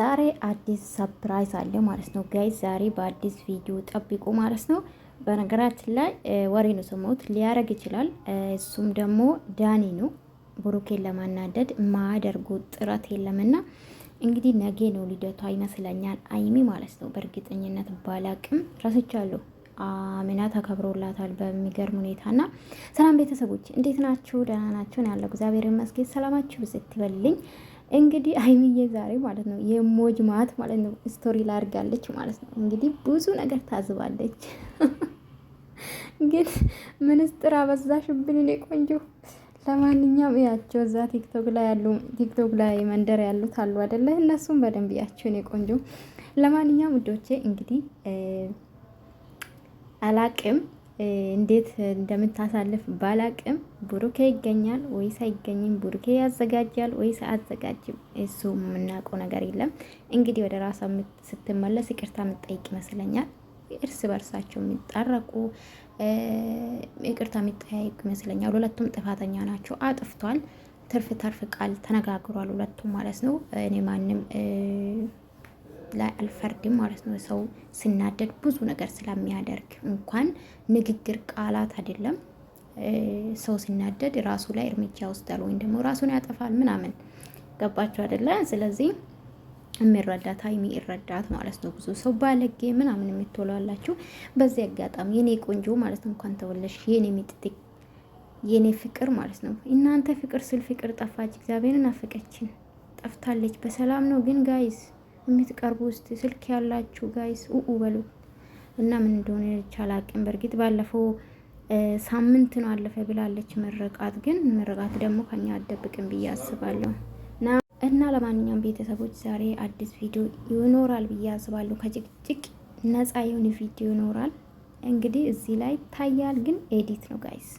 ዛሬ አዲስ ሰፕራይዝ አለ ማለት ነው ጋይ ዛሬ በአዲስ ቪዲዮ ጠብቁ ማለት ነው። በነገራችን ላይ ወሬ ነው ሰሞኑን ሊያረግ ይችላል። እሱም ደግሞ ዳኒ ነው ብሩኬን ለማናደድ ማደርጉ ጥረት የለምና እንግዲህ ነገ ነው ልደቷ ይመስለኛል አይሚ ማለት ነው። በእርግጠኝነት ባላቅም ረስቻለሁ። አሜና ተከብሮላታል በሚገርም ሁኔታና። ሰላም ቤተሰቦች እንዴት ናችሁ? ደህና ናችሁን? ያለው እግዚአብሔር ይመስገን። ሰላማችሁ ብዝት ይበልልኝ። እንግዲህ አይምዬ ዛሬ ማለት ነው የሞጅ ማት ማለት ነው ስቶሪ ላይ አድርጋለች ማለት ነው። እንግዲህ ብዙ ነገር ታዝባለች። ግን ምንስጥር አበዛሽብን እኔ ቆንጆ። ለማንኛውም እያቸው እዛ ቲክቶክ ላይ ያሉ ቲክቶክ ላይ መንደር ያሉት አሉ አይደለ? እነሱም በደንብ እያቸው እኔ ቆንጆ። ለማንኛውም እዶቼ እንግዲህ አላቅም እንዴት እንደምታሳልፍ ባላቅም ብሩኬ ይገኛል ወይስ አይገኝም? ብሩኬ ያዘጋጃል ወይስ አዘጋጅም? እሱ የምናውቀው ነገር የለም። እንግዲህ ወደ ራሷ ስትመለስ ይቅርታ የምጠይቅ ይመስለኛል። እርስ በርሳቸው የሚጣረቁ ይቅርታ የሚጠያይቅ ይመስለኛል። ሁለቱም ጥፋተኛ ናቸው፣ አጥፍቷል። ትርፍ ተርፍ ቃል ተነጋግሯል፣ ሁለቱም ማለት ነው። እኔ ማንም ላይ አልፈርድም ማለት ነው። ሰው ስናደድ ብዙ ነገር ስለሚያደርግ እንኳን ንግግር ቃላት አይደለም ሰው ሲናደድ ራሱ ላይ እርምጃ ይወስዳል ወይም ደግሞ ራሱን ያጠፋል ምናምን ገባቸው አይደለ? ስለዚህ የሚረዳት ሀይሚ ይረዳት ማለት ነው። ብዙ ሰው ባለጌ ምናምን የምትወላላችሁ በዚህ አጋጣሚ የኔ ቆንጆ ማለት ነው እንኳን ተወለሽ የኔ ሚጥጥቅ የኔ ፍቅር ማለት ነው። እናንተ ፍቅር ስል ፍቅር ጠፋች፣ እግዚአብሔርን አፈቀችን ጠፍታለች። በሰላም ነው ግን ጋይዝ የምትቀርቡ ውስጥ ስልክ ያላችሁ ጋይስ ኡኡ በሉ እና ምን እንደሆነ አላቅም። በእርግጥ ባለፈው ሳምንት ነው አለፈ ብላለች ምርቃት። ግን ምርቃት ደግሞ ከኛ አደብቅም ብዬ አስባለሁ። እና ለማንኛውም ቤተሰቦች ዛሬ አዲስ ቪዲዮ ይኖራል ብዬ አስባለሁ። ከጭቅጭቅ ነፃ የሆነ ቪዲዮ ይኖራል። እንግዲህ እዚህ ላይ ይታያል፣ ግን ኤዲት ነው ጋይስ